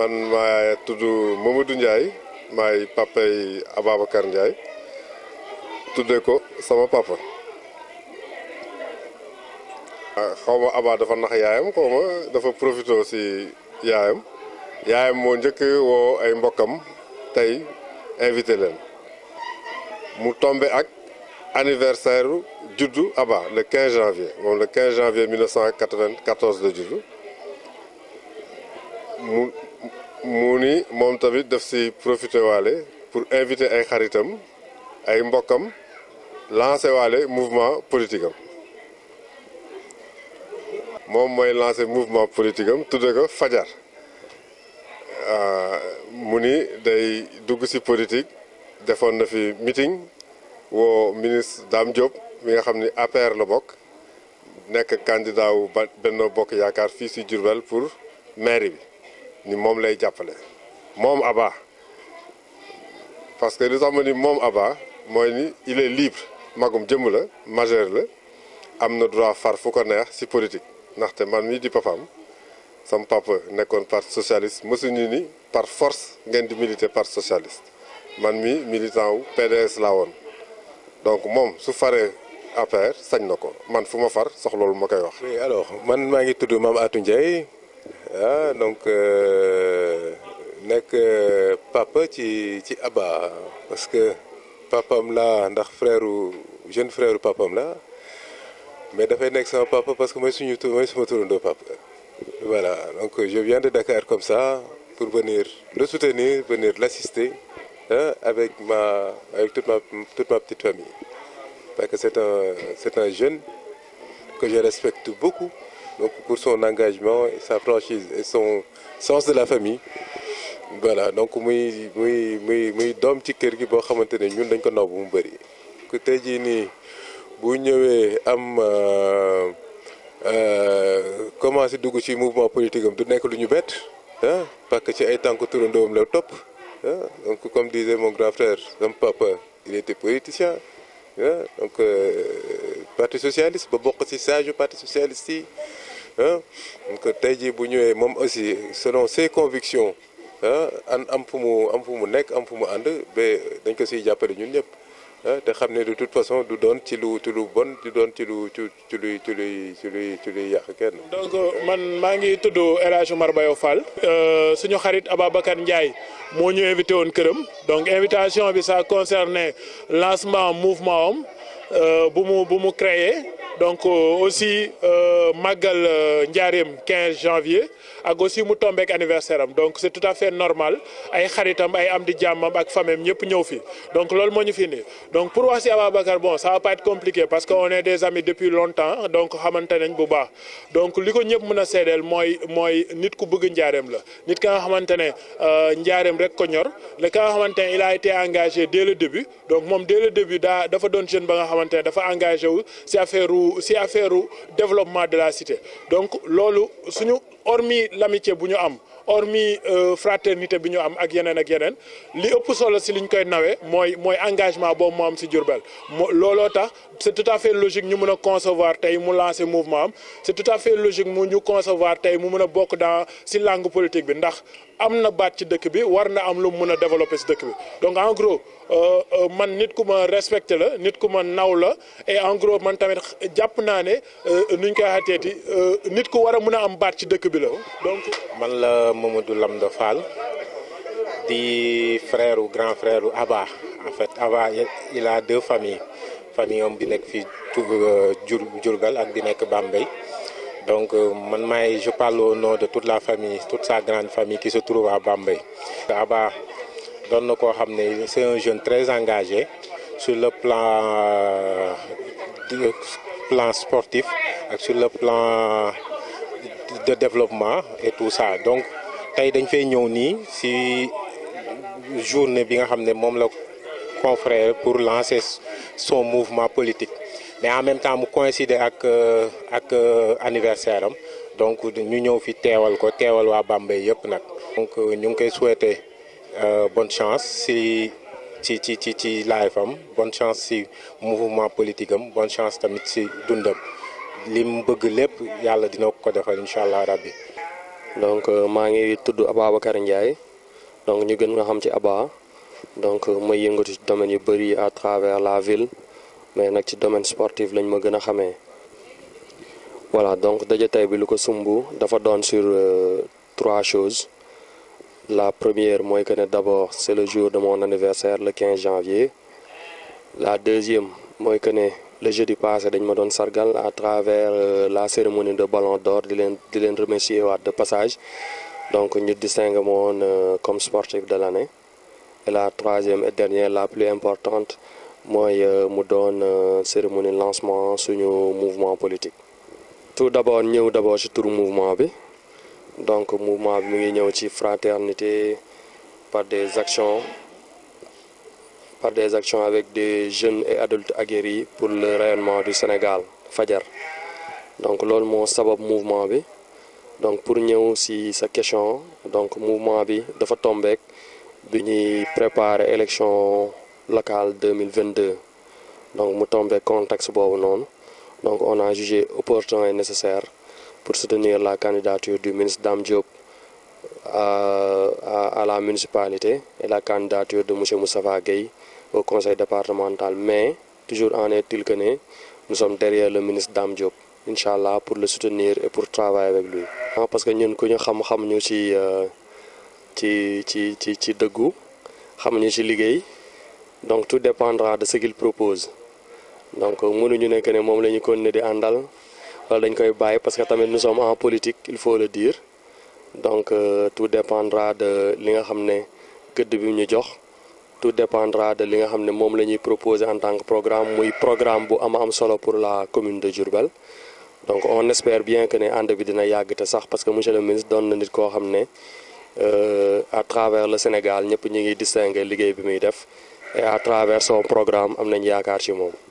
man maa tudd Mamadou Ndiaye maay papay Ababacar Ndiaye tuddee ko sama papa ah, xaw ma Aba dafa nax yaayam xaw dafa profité si yaayam yaayam moo njëkk woo ay mbokkam tey invité leen mu tombe ak anniversaire juddu Aba le 15 janvier moom le 15 janvier 1994 la juddu mu mu ni moom tamit def si profité waale pour inviter ay xaritam ay mbokkam lancé waale mouvement politique moom mooy lancé mouvement politique am tudde ko fajar euh, mu ni day dugg si politique defoon na fi meeting woo ministre Dame Diop mi nga xam ni APR la bokk nekk candidat wu Benno Bokk Yaakaar fii si Diourbel pour mairie bi ni moom lay jàppale moom Abba parce que li tax moom Abba mooy ni il est libre magum jëmm la majeur la am na droit far fu ko neex ci politique ndaxte man mii di papam sam papa nekkoon parti socialiste mësuñu ni par force ngeen di militer parti socialiste man mi militant wu PDS laa woon donc moom su faree APR sañ na ko man fu ma far soxloolu ma koy wax. oui alors man maa ngi tudd Mame Atou Ndiaye ah donc euh, nekk euh, papa ci ci Abba parce que papam la ndax frère jeune frère papam la mais dafay nekk sa papa parce que mooy suñu tur mooy sama turandoo papa. voilà donc je viens de Dakar comme ça pour venir le soutenir venir l'assister hein, avec ma avec toute ma toute ma petite famille parce que c'est un c'est un jeune que je respecte beaucoup. donc pour son engagement et sa franchise et son sens de la famille voilà donc muy muy muy muy doom ci kër gi boo xamante ne ñun dañ ko naw bu mu bëri ku tey jii nii bu ñëwee am euh, euh, commencé dugg ci mouvement politique am du nekk lu ñu bett ah parce que ci ay tànk turandoom la topp donc comme disait mon grand frère sama papa politicien donc euh, parti socialiste ba bokk ci sage parti socialiste yi ah donc tey jii bu ñëwee moom aussi selon ses convictions ah an am fu mu am fu mu nekk am fu mu ànd ba dañ ko siy jàppale ñun ñëpp te xam ne de toute façon du doon ci lu ci bon du doon ci lu ci ci luy ci luy ci ci luy yàq kenn. donc man maa ngi tudd El Hadj Omar Bayo euh, suñu xarit Ababacar Ndiaye moo ñu invité woon këram donc invitation bi sa concernait lancement mouvement am euh, bu mu bu mu donc euh, aussi euh, màggal euh, njaareem 15 janvier ak aussi mu tombeek anniversaire am donc c'est tout à fait normal ay xaritam ay am di jàmmam ak famem ñëpp ñëw fi donc loolu moo ñu fi nii donc pour wax si Ababacar bon ça va compliqué parce que on est des amis depuis longtemps donc xamante bu baax donc li ko ñëpp mën a seedeel mooy mooy nit ku bëgg njaareem la nit ka nga xamante ne njaareem rek ko ñor le ka nga xamante ne il a été engagé dès le début donc moom dès le début daa da doon jeune ba nga xamante ne dafa engagé wu si affaire développement de la cité donc loolu suñu hormis l'amitié bu ñu am hormis euh, fraternité bi ñu am ak yeneen ak yeneen li ëpp solo si liñ koy nawee mooy mooy engagement boobu moo si Diourbel moo looloo tax c'est tout à fait logique ñu mun a concevoir tey mu lancer mouvement am c'est tout à fait logique mu ñu concevoir tey mu mun a bokk dans si langue politique bi ndax am na baat ci dëkk bi war na am lu mu mën a développer si dëkk bi donc en gros euh, euh, man nit ku ma respecté la nit ku ma naw la et en man tamit jàpp naa ne euh, nuñ koy xateeti nit ku war a mën a am baat ci dëkk bi la donc. man la Mamadou Lamda Fall di frère ou grand frère ou Aba en fait Aba il a deux familles famille am bi nekk fii Diourbel ak bi nekk Bambey. Donc, euh, man maay je parle au nom de toute la famille, toute sa grande famille qui se trouve à Bambey. Aba doon na koo xam ne c'est un jeune très engagé sur le plan euh, plan sportif ak sur le plan de développement et tout ça. Donc tey dañ fay ñëw nii si journée bi nga xam ne moom la confrère pour lancer son mouvement politique. mais en même temps mu coïncider ak euh, ak euh, anniversaire am donc ñu ñëw fi teewal ko teewal waa Bambey yëpp nag. donc euh, ñu ngi koy souhaiter bonne chance si ci ci ci ci live am bonne chance si mouvement politique am bonne chance tamit si dundam li mu bëgg lépp yàlla dina ko defal incha allah rabbi. donc maa ngi tudd Ababacar Ndiaye donc ñu gën nga xam ci Aba donc may yëngatu ci domaine yu bëri à travers la ville. mais nag ci domaine sportif lañ ma gën a xamee voilà donc daje tey bi lu ko sumb dafa doon sur euh, trois choses la première mooy que ne d'abord c'est le jour de mon anniversaire le 15 janvier la deuxième mooy que ne le jeudi passé dañ ma doon sargal à travers euh, la cérémonie de ballon d'or di leen di leen remercier waat de passage donc ñu distingue ma woon euh, comme sportif de l'année et la troisième et dernière la plus importante mooy euh, mu doon euh, cérémonie lancement suñu mouvement politique. tout d'abord ñëw d'abord ci turu mouvement bi donc mouvement bi mu ngi ñëw ci fraternité par des actions par des actions avec des jeunes et adultes aguerris pour le rayonnement du Sénégal fajar donc loolu moo sabab mouvement bi donc pour ñëw ci sa question donc mouvement bi dafa tombeek bi ñuy préparer élection. locale 2022 donc mu tombé context boobu noonu donc on a jugé opportun et nécessaire pour soutenir la candidature du ministre Dame Diop à, euh, à, à la municipalité et la candidature de monsieur Moustapha Gueye au conseil départemental mais toujours en est-il que ne nous sommes derrière le ministre Dame Diop incha allah pour le soutenir et pour travailler avec lui. Ah, parce que ñun ko ñu xam-xam ñu ci euh, ci ci ci ci dëggu xam ñu ci liggéey. donc tout dépendra de ce qu'il propose donc mënuñu nekk ne moom la ñu continuer di àndal wala dañ koy bàyyi parce que tamit nu sommes en politique il faut le dire donc euh, tout dépendra de li nga xam ne gëdd bi ñu jox tout dépendra de li nga xam ne moom la ñuy proposer en tant programme muy programme bu ama am solo pour la commune de Diourbel donc on espère bien que ne ànd bi dina yàgg te sax parce que monsieur le ministre doon na nit koo xam ne euh, à travers le Sénégal ñëpp ñu ngi distinguer liggéey bi muy def et programme am nañ yaakaar ci moom